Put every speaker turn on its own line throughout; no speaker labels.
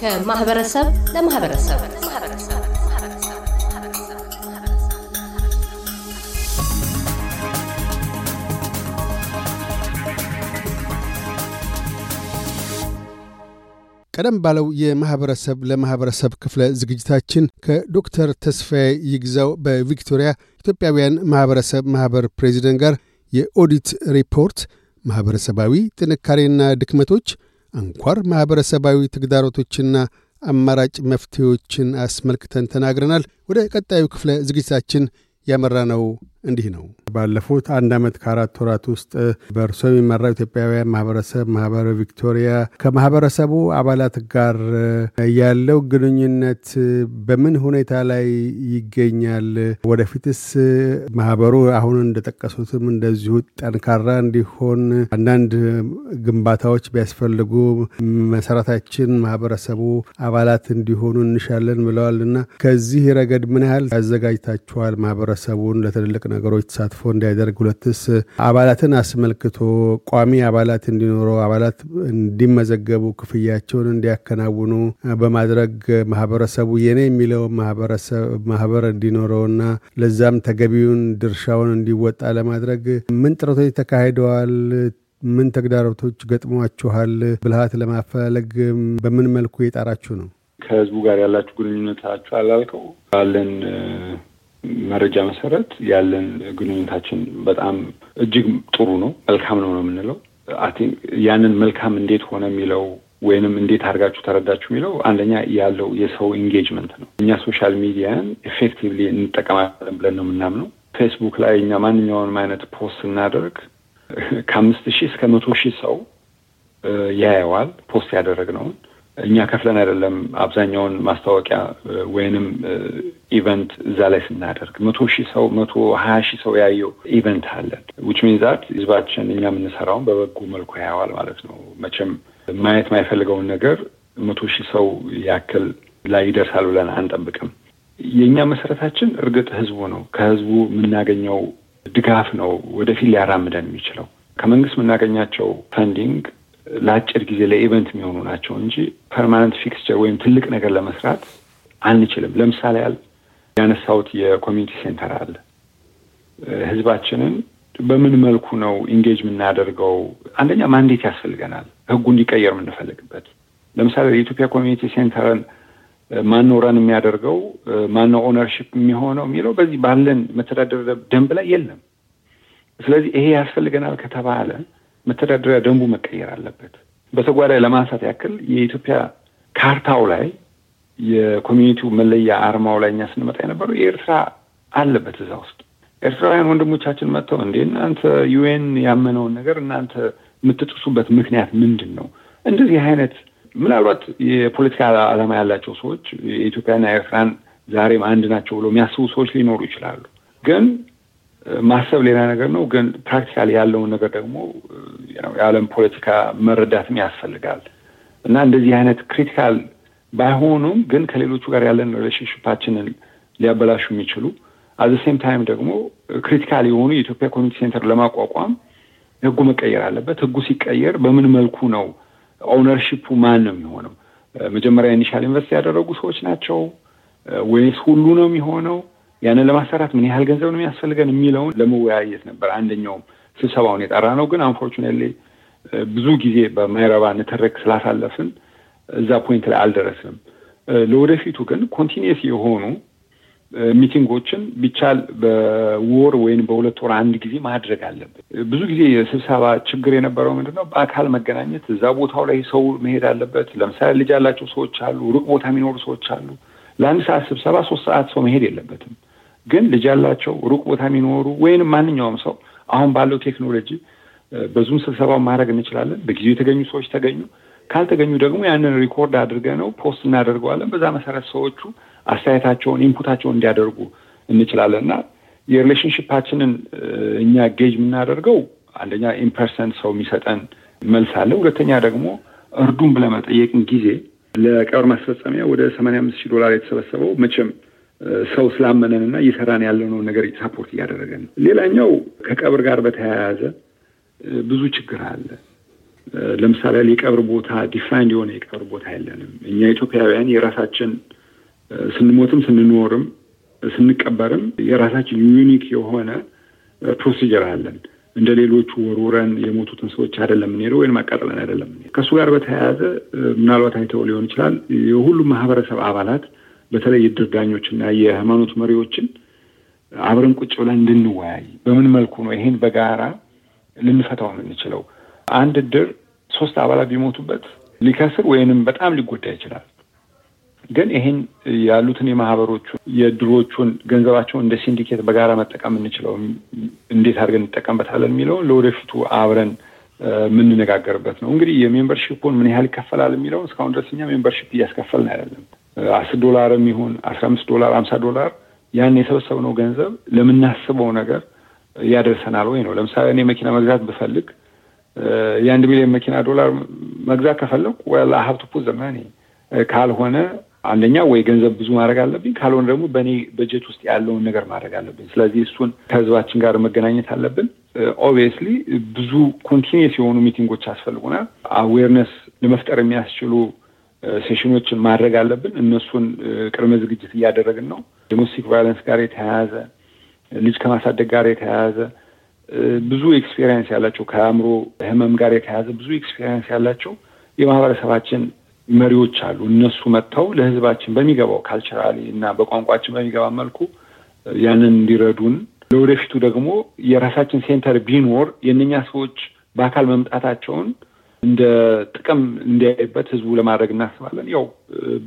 ከማህበረሰብ ለማህበረሰብ ቀደም ባለው የማኅበረሰብ ለማኅበረሰብ ክፍለ ዝግጅታችን ከዶክተር ተስፋዬ ይግዛው በቪክቶሪያ ኢትዮጵያውያን ማኅበረሰብ ማኅበር ፕሬዚደንት ጋር የኦዲት ሪፖርት ማኅበረሰባዊ ጥንካሬና ድክመቶች፣ አንኳር ማኅበረሰባዊ ተግዳሮቶችና አማራጭ መፍትሄዎችን አስመልክተን ተናግረናል። ወደ ቀጣዩ ክፍለ ዝግጅታችን ያመራ ነው። እንዲህ ነው። ባለፉት አንድ ዓመት ከአራት ወራት ውስጥ በእርሶ የሚመራው ኢትዮጵያውያን ማህበረሰብ ማህበረ ቪክቶሪያ ከማህበረሰቡ አባላት ጋር ያለው ግንኙነት በምን ሁኔታ ላይ ይገኛል? ወደፊትስ ማህበሩ አሁን እንደጠቀሱትም እንደዚሁ ጠንካራ እንዲሆን አንዳንድ ግንባታዎች ቢያስፈልጉ መሰረታችን ማህበረሰቡ አባላት እንዲሆኑ እንሻለን ብለዋል እና ከዚህ ረገድ ምን ያህል ያዘጋጅታችኋል ማህበረሰቡን ለትልልቅ ነገሮች ተሳትፎ እንዲያደርግ፣ ሁለትስ አባላትን አስመልክቶ ቋሚ አባላት እንዲኖረው አባላት እንዲመዘገቡ ክፍያቸውን እንዲያከናውኑ በማድረግ ማህበረሰቡ የኔ የሚለው ማህበር እንዲኖረውና ለዛም ተገቢውን ድርሻውን እንዲወጣ ለማድረግ ምን ጥረቶች ተካሂደዋል? ምን ተግዳሮቶች ገጥሟችኋል? ብልሃት ለማፈላለግ በምን መልኩ የጣራችሁ ነው?
ከህዝቡ ጋር ያላችሁ ግንኙነታችሁ አላልከው አለን መረጃ መሰረት ያለን ግንኙነታችን በጣም እጅግ ጥሩ ነው፣ መልካም ነው ነው የምንለው። ያንን መልካም እንዴት ሆነ የሚለው ወይንም እንዴት አድርጋችሁ ተረዳችሁ የሚለው አንደኛ ያለው የሰው ኢንጌጅመንት ነው። እኛ ሶሻል ሚዲያን ኤፌክቲቭሊ እንጠቀማለን ብለን ነው የምናምነው። ፌስቡክ ላይ እኛ ማንኛውንም አይነት ፖስት ስናደርግ ከአምስት ሺህ እስከ መቶ ሺህ ሰው ያየዋል ፖስት ያደረግነውን እኛ ከፍለን አይደለም አብዛኛውን ማስታወቂያ ወይንም ኢቨንት እዛ ላይ ስናደርግ መቶ ሺህ ሰው መቶ ሀያ ሺህ ሰው ያየው ኢቨንት አለን ዊች ዛት ህዝባችን እኛ የምንሰራውን በበጎ መልኩ ያየዋል ማለት ነው። መቼም ማየት የማይፈልገውን ነገር መቶ ሺህ ሰው ያክል ላይ ይደርሳል ብለን አንጠብቅም። የእኛ መሰረታችን እርግጥ ህዝቡ ነው። ከህዝቡ የምናገኘው ድጋፍ ነው ወደፊት ሊያራምደን የሚችለው ከመንግስት የምናገኛቸው ፈንዲንግ ለአጭር ጊዜ ለኢቨንት የሚሆኑ ናቸው እንጂ ፐርማነንት ፊክስቸር ወይም ትልቅ ነገር ለመስራት አንችልም። ለምሳሌ ያል ያነሳሁት የኮሚኒቲ ሴንተር አለ። ህዝባችንን በምን መልኩ ነው ኢንጌጅ የምናደርገው? አንደኛ ማንዴት ያስፈልገናል፣ ህጉ እንዲቀየር የምንፈልግበት። ለምሳሌ የኢትዮጵያ ኮሚኒቲ ሴንተርን ማነው ረን የሚያደርገው ማነው ኦነርሽፕ የሚሆነው የሚለው በዚህ ባለን መተዳደር ደንብ ላይ የለም። ስለዚህ ይሄ ያስፈልገናል ከተባለ መተዳደሪያ ደንቡ መቀየር አለበት። በተጓዳይ ለማንሳት ያክል የኢትዮጵያ ካርታው ላይ የኮሚኒቲው መለያ አርማው ላይ እኛ ስንመጣ የነበረው የኤርትራ አለበት እዛ ውስጥ ኤርትራውያን ወንድሞቻችን መጥተው እንዴ እናንተ ዩኤን ያመነውን ነገር እናንተ የምትጥሱበት ምክንያት ምንድን ነው? እንደዚህ አይነት ምናልባት የፖለቲካ ዓላማ ያላቸው ሰዎች የኢትዮጵያና ኤርትራን ዛሬም አንድ ናቸው ብሎ የሚያስቡ ሰዎች ሊኖሩ ይችላሉ። ግን ማሰብ ሌላ ነገር ነው። ግን ፕራክቲካል ያለውን ነገር ደግሞ የዓለም ፖለቲካ መረዳትም ያስፈልጋል እና እንደዚህ አይነት ክሪቲካል ባይሆኑም ግን ከሌሎቹ ጋር ያለን ሪሌሽንሽፓችንን ሊያበላሹ የሚችሉ አዘ ሴም ታይም ደግሞ ክሪቲካል የሆኑ የኢትዮጵያ ኮሚኒቲ ሴንተር ለማቋቋም ህጉ መቀየር አለበት። ህጉ ሲቀየር በምን መልኩ ነው ኦውነርሺፑ ማን ነው የሚሆነው? መጀመሪያ ኢኒሻል ኢንቨስት ያደረጉ ሰዎች ናቸው ወይስ ሁሉ ነው የሚሆነው? ያንን ለማሰራት ምን ያህል ገንዘብ ነው የሚያስፈልገን የሚለውን ለመወያየት ነበር አንደኛውም ስብሰባውን የጠራ ነው። ግን አንፎርቹኔትሊ ብዙ ጊዜ በማይረባ ንትርክ ስላሳለፍን እዛ ፖይንት ላይ አልደረስንም። ለወደፊቱ ግን ኮንቲኒየስ የሆኑ ሚቲንጎችን ቢቻል በወር ወይም በሁለት ወር አንድ ጊዜ ማድረግ አለብን። ብዙ ጊዜ የስብሰባ ችግር የነበረው ምንድን ነው? በአካል መገናኘት እዛ ቦታው ላይ ሰው መሄድ አለበት። ለምሳሌ ልጅ ያላቸው ሰዎች አሉ፣ ሩቅ ቦታ የሚኖሩ ሰዎች አሉ። ለአንድ ሰዓት ስብሰባ ሶስት ሰዓት ሰው መሄድ የለበትም። ግን ልጅ ያላቸው ሩቅ ቦታ የሚኖሩ ወይንም ማንኛውም ሰው አሁን ባለው ቴክኖሎጂ በዙም ስብሰባ ማድረግ እንችላለን። በጊዜው የተገኙ ሰዎች ተገኙ፣ ካልተገኙ ደግሞ ያንን ሪኮርድ አድርገ ነው ፖስት እናደርገዋለን። በዛ መሰረት ሰዎቹ አስተያየታቸውን ኢንፑታቸውን እንዲያደርጉ እንችላለን እና የሪሌሽንሽፓችንን እኛ ጌጅ የምናደርገው አንደኛ ኢምፐርሰን ሰው የሚሰጠን መልስ አለ። ሁለተኛ ደግሞ እርዱን ብለመጠየቅን ጊዜ ለቀብር ማስፈጸሚያ ወደ ሰማንያ አምስት ሺህ ዶላር የተሰበሰበው መቼም ሰው ስላመነን እና እየሰራን ያለነውን ነገር ሳፖርት እያደረገ ነው። ሌላኛው ከቀብር ጋር በተያያዘ ብዙ ችግር አለ። ለምሳሌ የቀብር ቦታ ዲፋይንድ የሆነ የቀብር ቦታ የለንም። እኛ ኢትዮጵያውያን የራሳችን ስንሞትም ስንኖርም ስንቀበርም የራሳችን ዩኒክ የሆነ ፕሮሲጀር አለን። እንደ ሌሎቹ ወርውረን የሞቱትን ሰዎች አይደለም የምንሄደው ወይም አቃጥለን አይደለም ከእሱ ጋር በተያያዘ ምናልባት አይተው ሊሆን ይችላል የሁሉም ማህበረሰብ አባላት በተለይ የድር ዳኞችና የሃይማኖት መሪዎችን አብረን ቁጭ ብለን እንድንወያይ በምን መልኩ ነው ይሄን በጋራ ልንፈታው የምንችለው? አንድ እድር ሶስት አባላት ቢሞቱበት ሊከስር ወይንም በጣም ሊጎዳ ይችላል። ግን ይሄን ያሉትን የማህበሮቹ የድሮቹን ገንዘባቸውን እንደ ሲንዲኬት በጋራ መጠቀም የምንችለው እንዴት አድርገን እንጠቀምበታለን የሚለውን ለወደፊቱ አብረን የምንነጋገርበት ነው። እንግዲህ የሜምበርሺፑን ምን ያህል ይከፈላል የሚለውን እስካሁን ድረስ እኛ ሜምበርሺፕ እያስከፈልን አይደለም። አስር ዶላርም ይሁን አስራ አምስት ዶላር አምሳ ዶላር ያን የሰበሰብነው ገንዘብ ለምናስበው ነገር ያደርሰናል ወይ ነው። ለምሳሌ እኔ መኪና መግዛት ብፈልግ የአንድ ሚሊዮን መኪና ዶላር መግዛት ከፈለግ ወላ ሀብት ካልሆነ አንደኛ ወይ ገንዘብ ብዙ ማድረግ አለብኝ፣ ካልሆነ ደግሞ በእኔ በጀት ውስጥ ያለውን ነገር ማድረግ አለብኝ። ስለዚህ እሱን ከህዝባችን ጋር መገናኘት አለብን። ኦብቪየስሊ ብዙ ኮንቲኒየስ የሆኑ ሚቲንጎች ያስፈልጉናል። አዌርነስ ለመፍጠር የሚያስችሉ ሴሽኖችን ማድረግ አለብን። እነሱን ቅድመ ዝግጅት እያደረግን ነው። ዶሜስቲክ ቫዮለንስ ጋር የተያያዘ ልጅ ከማሳደግ ጋር የተያያዘ ብዙ ኤክስፔሪንስ ያላቸው ከአእምሮ ህመም ጋር የተያያዘ ብዙ ኤክስፔሪንስ ያላቸው የማህበረሰባችን መሪዎች አሉ። እነሱ መጥተው ለህዝባችን በሚገባው ካልቸራሊ እና በቋንቋችን በሚገባ መልኩ ያንን እንዲረዱን ለወደፊቱ ደግሞ የራሳችን ሴንተር ቢኖር የእነኛ ሰዎች በአካል መምጣታቸውን እንደ ጥቅም እንዲያይበት ህዝቡ ለማድረግ እናስባለን። ያው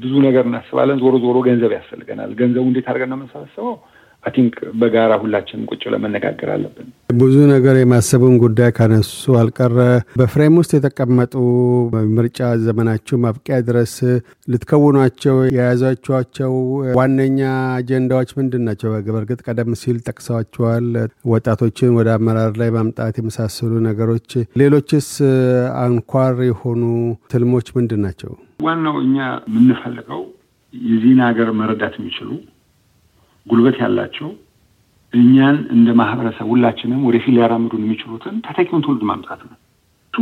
ብዙ ነገር እናስባለን። ዞሮ ዞሮ ገንዘብ ያስፈልገናል። ገንዘቡ እንዴት አድርገን ነው የምንሰበስበው። አይ ቲንክ በጋራ ሁላችንም ቁጭ
ለመነጋገር አለብን። ብዙ ነገር የማሰቡን ጉዳይ ካነሱ አልቀረ በፍሬም ውስጥ የተቀመጡ ምርጫ ዘመናችሁ ማብቂያ ድረስ ልትከውኗቸው የያዛችኋቸው ዋነኛ አጀንዳዎች ምንድን ናቸው? በእርግጥ ቀደም ሲል ጠቅሰዋቸዋል፣ ወጣቶችን ወደ አመራር ላይ ማምጣት የመሳሰሉ ነገሮች። ሌሎችስ አንኳር የሆኑ ትልሞች ምንድን ናቸው?
ዋናው እኛ የምንፈልገው የዚህን ሀገር መረዳት የሚችሉ ጉልበት ያላቸው እኛን እንደ ማህበረሰብ ሁላችንም ወደፊት ሊያራምዱን የሚችሉትን ተተኪውን ትውልድ ማምጣት ነው። እሱ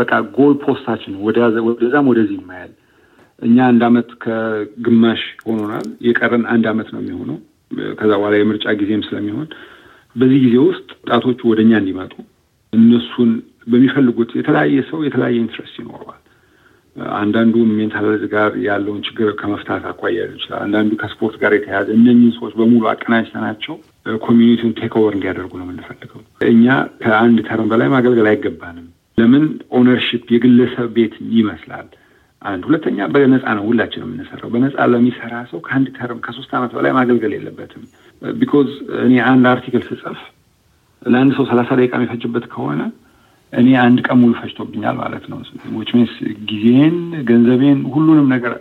በቃ ጎል ፖስታችን ወደዛም ወደዚህ ይማያል። እኛ አንድ አመት ከግማሽ ሆኖናል። የቀረን አንድ አመት ነው የሚሆነው። ከዛ በኋላ የምርጫ ጊዜም ስለሚሆን በዚህ ጊዜ ውስጥ ወጣቶቹ ወደ እኛ እንዲመጡ እነሱን በሚፈልጉት የተለያየ ሰው የተለያየ ኢንትረስት ይኖረዋል። አንዳንዱ ሜንታል ጋር ያለውን ችግር ከመፍታት አኳያ ሊሆን ይችላል። አንዳንዱ ከስፖርት ጋር የተያዘ እነኚህ ሰዎች በሙሉ አቀናጅተናቸው ኮሚኒቲውን ቴክ ኦቨር እንዲያደርጉ ነው የምንፈልገው። እኛ ከአንድ ተርም በላይ ማገልገል አይገባንም። ለምን ኦነርሽፕ የግለሰብ ቤት ይመስላል። አንድ ሁለተኛ፣ በነፃ ነው ሁላችን የምንሰራው። በነፃ ለሚሰራ ሰው ከአንድ ተርም ከሶስት ዓመት በላይ ማገልገል የለበትም። ቢኮዝ እኔ አንድ አርቲክል ስጽፍ ለአንድ ሰው ሰላሳ ደቂቃ የሚፈጅበት ከሆነ እኔ አንድ ቀን ሙሉ ፈጅቶብኛል ማለት ነው። ዊች ሚንስ ጊዜን፣ ገንዘቤን፣ ሁሉንም ነገር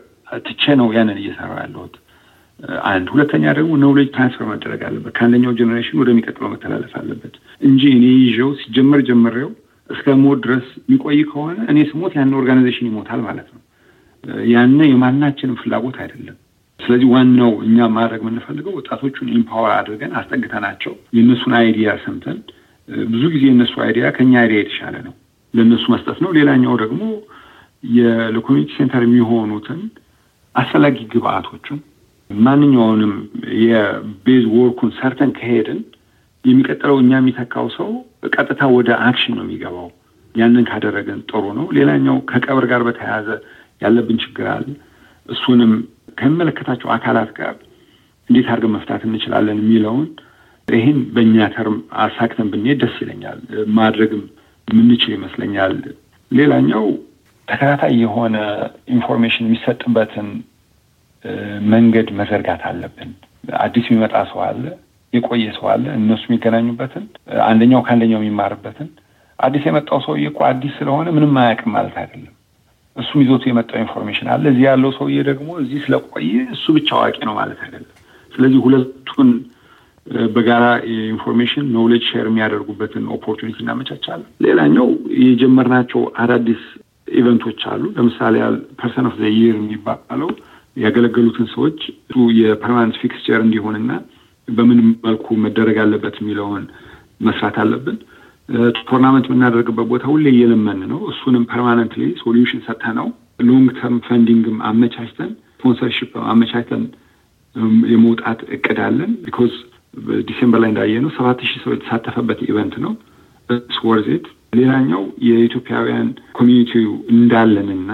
ትቼ ነው ያንን እየሰራ ያለሁት። አንድ ሁለተኛ ደግሞ ኖውሌጅ ትራንስፈር መደረግ አለበት። ከአንደኛው ጀኔሬሽን ወደሚቀጥለው መተላለፍ አለበት እንጂ እኔ ይዤው ሲጀመር ጀምሬው እስከ ሞት ድረስ የሚቆይ ከሆነ እኔ ስሞት ያንን ኦርጋናይዜሽን ይሞታል ማለት ነው። ያን የማናችንም ፍላጎት አይደለም። ስለዚህ ዋናው እኛ ማድረግ የምንፈልገው ወጣቶቹን ኢምፓወር አድርገን አስጠግተናቸው የእነሱን አይዲያ ሰምተን ብዙ ጊዜ የእነሱ አይዲያ ከኛ አይዲያ የተሻለ ነው። ለእነሱ መስጠት ነው። ሌላኛው ደግሞ ለኮሚኒቲ ሴንተር የሚሆኑትን አስፈላጊ ግብአቶችን ማንኛውንም የቤዝ ወርኩን ሰርተን ከሄድን የሚቀጥለው እኛ የሚተካው ሰው ቀጥታ ወደ አክሽን ነው የሚገባው። ያንን ካደረገን ጥሩ ነው። ሌላኛው ከቀብር ጋር በተያያዘ ያለብን ችግር አለ። እሱንም ከሚመለከታቸው አካላት ጋር እንዴት አድርገን መፍታት እንችላለን የሚለውን ይህን በእኛ ተርም አሳክተን ብንሄድ ደስ ይለኛል። ማድረግም የምንችል ይመስለኛል። ሌላኛው ተከታታይ የሆነ ኢንፎርሜሽን የሚሰጥበትን መንገድ መዘርጋት አለብን። አዲስ የሚመጣ ሰው አለ፣ የቆየ ሰው አለ። እነሱ የሚገናኙበትን አንደኛው ከአንደኛው የሚማርበትን አዲስ የመጣው ሰውዬ እኮ አዲስ ስለሆነ ምንም አያውቅም ማለት አይደለም። እሱም ይዞቱ የመጣው ኢንፎርሜሽን አለ። እዚህ ያለው ሰውዬ ደግሞ እዚህ ስለቆየ እሱ ብቻ አዋቂ ነው ማለት አይደለም። ስለዚህ ሁለቱን በጋራ የኢንፎርሜሽን ኖሌጅ ሼር የሚያደርጉበትን ኦፖርቹኒቲ እናመቻቻለን። ሌላኛው የጀመርናቸው አዳዲስ ኢቨንቶች አሉ። ለምሳሌ ያል ፐርሰን ኦፍ ዘ ይር የሚባለው ያገለገሉትን ሰዎች የፐርማነንት ፊክስቸር እንዲሆንና በምን መልኩ መደረግ አለበት የሚለውን መስራት አለብን። ቶርናመንት የምናደርግበት ቦታ ሁሌ እየለመን ነው። እሱንም ፐርማነንትሊ ሶሉሽን ነው ሎንግ ተርም ፈንዲንግም አመቻችተን ስፖንሰርሽፕ አመቻችተን የመውጣት እቅድ አለን ቢኮዝ ዲሴምበር ላይ እንዳየ ነው ሰባት ሺህ ሰው የተሳተፈበት ኢቨንት ነው። ስወርዜት ሌላኛው የኢትዮጵያውያን ኮሚኒቲው እንዳለንና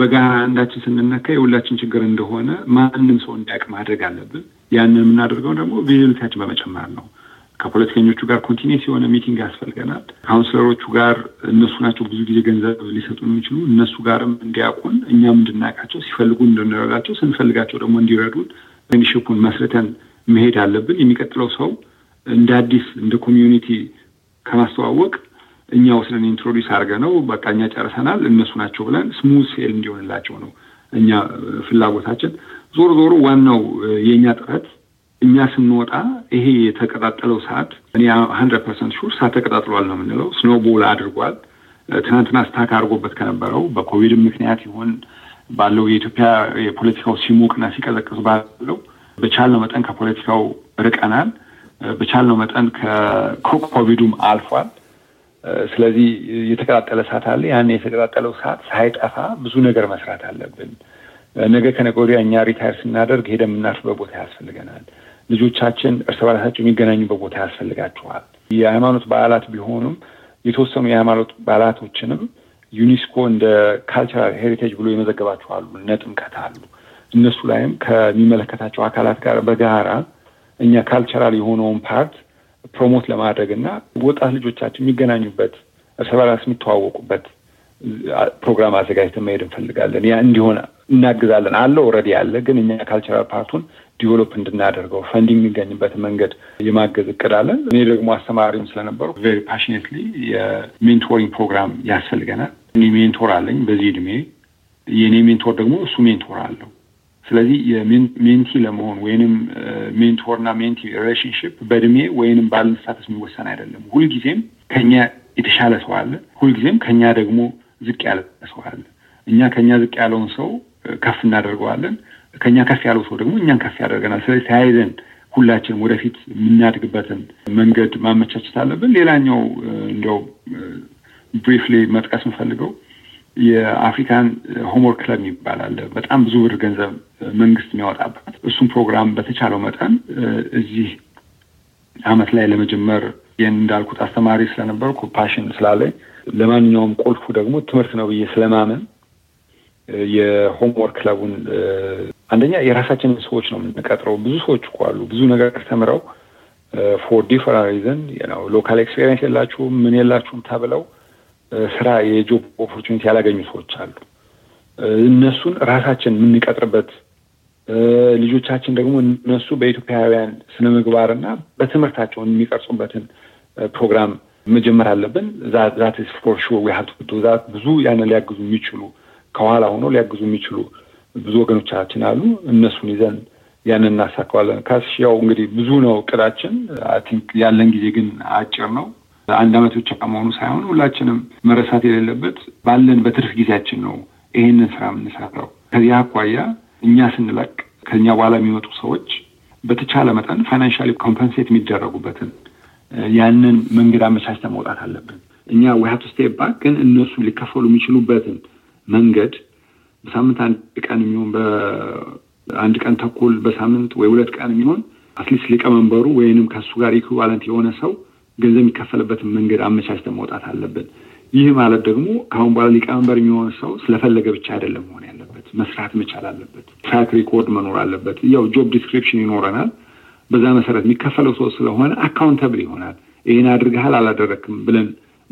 በጋራ አንዳችን ስንነካ የሁላችን ችግር እንደሆነ ማንም ሰው እንዲያውቅ ማድረግ አለብን። ያንን የምናደርገው ደግሞ ቪዚቢሊቲያችን በመጨመር ነው። ከፖለቲከኞቹ ጋር ኮንቲኒስ የሆነ ሚቲንግ ያስፈልገናል። ካውንስለሮቹ ጋር እነሱ ናቸው ብዙ ጊዜ ገንዘብ ሊሰጡ የሚችሉ እነሱ ጋርም እንዲያውቁን፣ እኛም እንድናውቃቸው፣ ሲፈልጉ እንድንረዳቸው፣ ስንፈልጋቸው ደግሞ እንዲረዱን ሽፑን መስርተን መሄድ አለብን። የሚቀጥለው ሰው እንደ አዲስ እንደ ኮሚዩኒቲ ከማስተዋወቅ እኛ ወስደን ኢንትሮዲስ አድርገ ነው በቃ እኛ ጨርሰናል እነሱ ናቸው ብለን ስሙዝ ሴል እንዲሆንላቸው ነው እኛ ፍላጎታችን። ዞሮ ዞሮ ዋናው የእኛ ጥረት እኛ ስንወጣ ይሄ የተቀጣጠለው ሰዓት እኔ ሀንድረድ ፐርሰንት ሹር ሰዓት ተቀጣጥሏል ነው የምንለው። ስኖቦል አድርጓል። ትናንትና ስታክ አድርጎበት ከነበረው በኮቪድ ምክንያት ይሆን ባለው የኢትዮጵያ የፖለቲካው ሲሞቅና ሲቀዘቅዝ ባለው በቻልነው መጠን ከፖለቲካው ርቀናል። በቻልነው መጠን ከኮቪዱም አልፏል። ስለዚህ የተቀጣጠለ እሳት አለ። ያን የተቀጣጠለው እሳት ሳይጠፋ ብዙ ነገር መስራት አለብን። ነገ ከነገ ወዲያ እኛ ሪታይር ስናደርግ ሄደን የምናርፍበት ቦታ ያስፈልገናል። ልጆቻችን እርስ በራሳቸው የሚገናኙበት ቦታ ያስፈልጋቸዋል። የሃይማኖት በዓላት ቢሆኑም የተወሰኑ የሃይማኖት በዓላቶችንም ዩኒስኮ እንደ ካልቸራል ሄሪቴጅ ብሎ የመዘገባቸው አሉ። እነ ጥምቀት አሉ። እነሱ ላይም ከሚመለከታቸው አካላት ጋር በጋራ እኛ ካልቸራል የሆነውን ፓርት ፕሮሞት ለማድረግ እና ወጣት ልጆቻችን የሚገናኙበት እርስ በራስ የሚተዋወቁበት ፕሮግራም አዘጋጅተን መሄድ እንፈልጋለን። ያ እንዲሆን እናግዛለን። አለ ኦልሬዲ አለ፣ ግን እኛ ካልቸራል ፓርቱን ዲቨሎፕ እንድናደርገው ፈንዲንግ የሚገኝበት መንገድ የማገዝ እቅድ አለን። እኔ ደግሞ አስተማሪም ስለነበሩ ቬሪ ፓሽኔትሊ የሜንቶሪንግ ፕሮግራም ያስፈልገናል። እኔ ሜንቶር አለኝ በዚህ እድሜ። የእኔ ሜንቶር ደግሞ እሱ ሜንቶር አለው ስለዚህ የሜንቲ ለመሆን ወይንም ሜንቶርና ሜንቲ ሪሌሽንሽፕ በእድሜ ወይንም ባለን ስታተስ የሚወሰን አይደለም። ሁልጊዜም ከኛ የተሻለ ሰው አለ፣ ሁልጊዜም ከኛ ደግሞ ዝቅ ያለ ሰው አለ። እኛ ከኛ ዝቅ ያለውን ሰው ከፍ እናደርገዋለን፣ ከኛ ከፍ ያለው ሰው ደግሞ እኛን ከፍ ያደርገናል። ስለዚህ ተያይዘን ሁላችንም ወደፊት የምናድግበትን መንገድ ማመቻቸት አለብን። ሌላኛው እንደው ብሪፍሊ መጥቀስ የምፈልገው የአፍሪካን ሆምወርክ ክለብ ይባላል። በጣም ብዙ ብር ገንዘብ መንግስት የሚያወጣበት እሱም ፕሮግራም በተቻለው መጠን እዚህ አመት ላይ ለመጀመር ይህን እንዳልኩት አስተማሪ ስለነበርኩ ፓሽን ስላለኝ ለማንኛውም ቁልፉ ደግሞ ትምህርት ነው ብዬ ስለማመን የሆምወርክ ክለቡን አንደኛ የራሳችንን ሰዎች ነው የምንቀጥረው። ብዙ ሰዎች እኮ አሉ ብዙ ነገር ተምረው ፎር ዲፈረንት ሪዝን ሎካል ኤክስፔሪንስ የላችሁም ምን የላችሁም ተብለው ስራ የጆብ ኦፖርቹኒቲ ያላገኙ ሰዎች አሉ። እነሱን ራሳችን የምንቀጥርበት ልጆቻችን ደግሞ እነሱ በኢትዮጵያውያን ስነ ምግባርና በትምህርታቸውን የሚቀርጹበትን ፕሮግራም መጀመር አለብን። ዛት ኢዝ ፎር ሹር ዊ ሀቭ ቱ ዛት። ብዙ ያንን ሊያግዙ የሚችሉ ከኋላ ሆኖ ሊያግዙ የሚችሉ ብዙ ወገኖቻችን አሉ። እነሱን ይዘን ያንን እናሳካዋለን። ካስሽ ያው እንግዲህ ብዙ ነው እቅዳችን። አይ ቲንክ ያለን ጊዜ ግን አጭር ነው። አንድ አመት ብቻ መሆኑ ሳይሆን ሁላችንም መረሳት የሌለበት ባለን በትርፍ ጊዜያችን ነው ይህንን ስራ የምንሰራው። ከዚህ አኳያ እኛ ስንለቅ ከኛ በኋላ የሚመጡ ሰዎች በተቻለ መጠን ፋይናንሻሊ ኮምፐንሴት የሚደረጉበትን ያንን መንገድ አመቻችተን መውጣት አለብን። እኛ ዊሀቱ ስቴፕ ባክ ግን እነሱ ሊከፈሉ የሚችሉበትን መንገድ በሳምንት አንድ ቀን የሚሆን በአንድ ቀን ተኩል በሳምንት ወይ ሁለት ቀን የሚሆን አትሊስት ሊቀመንበሩ ወይንም ከሱ ጋር ኢኩቫለንት የሆነ ሰው ገንዘብ የሚከፈልበትን መንገድ አመቻችተን መውጣት አለብን። ይህ ማለት ደግሞ ከአሁን በኋላ ሊቀመንበር የሚሆን ሰው ስለፈለገ ብቻ አይደለም መሆን ያለበት፣ መስራት መቻል አለበት። ትራክ ሪኮርድ መኖር አለበት። ያው ጆብ ዲስክሪፕሽን ይኖረናል። በዛ መሰረት የሚከፈለው ሰው ስለሆነ አካውንተብል ይሆናል። ይህን አድርገሃል አላደረክም ብለን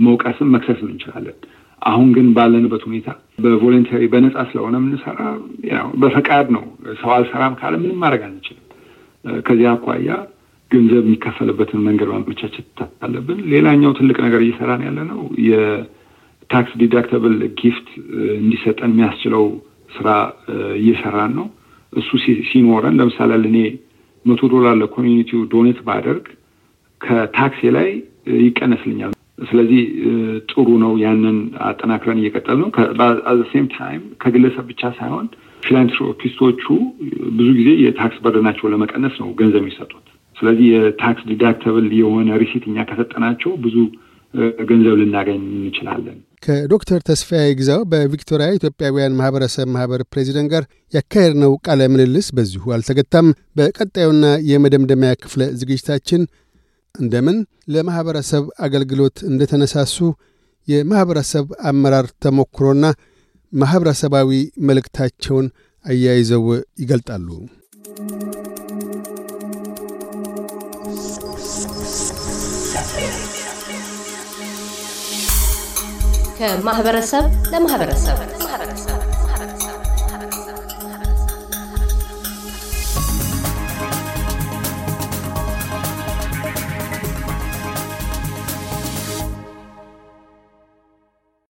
መውቀስም መክሰስም እንችላለን። አሁን ግን ባለንበት ሁኔታ በቮለንተሪ በነፃ ስለሆነ የምንሰራ በፈቃድ ነው። ሰው አልሰራም ካለ ምንም ማድረግ አንችልም። ከዚያ አኳያ ገንዘብ የሚከፈልበትን መንገድ ማመቻቸት አለብን። ሌላኛው ትልቅ ነገር እየሰራን ያለ ነው የታክስ ዲዳክተብል ጊፍት እንዲሰጠን የሚያስችለው ስራ እየሰራን ነው። እሱ ሲኖረን ለምሳሌ ለእኔ መቶ ዶላር ለኮሚኒቲው ዶኔት ባደርግ ከታክሴ ላይ ይቀነስልኛል። ስለዚህ ጥሩ ነው። ያንን አጠናክረን እየቀጠል ነው። ሴም ታይም ከግለሰብ ብቻ ሳይሆን ፊላንትሮፒስቶቹ ብዙ ጊዜ የታክስ በደናቸው ለመቀነስ ነው ገንዘብ የሚሰጡት። ስለዚህ የታክስ ዲዳክተብል የሆነ ሪሲት እኛ ከሰጠናቸው ብዙ ገንዘብ ልናገኝ እንችላለን።
ከዶክተር ተስፋዬ ግዛው በቪክቶሪያ ኢትዮጵያውያን ማህበረሰብ ማህበር ፕሬዚደንት ጋር ያካሄድነው ቃለ ምልልስ በዚሁ አልተገታም። በቀጣዩና የመደምደሚያ ክፍለ ዝግጅታችን እንደምን ለማኅበረሰብ አገልግሎት እንደተነሳሱ የማኅበረሰብ አመራር ተሞክሮና ማኅበረሰባዊ መልእክታቸውን አያይዘው ይገልጣሉ። ከማህበረሰብ ለማህበረሰብ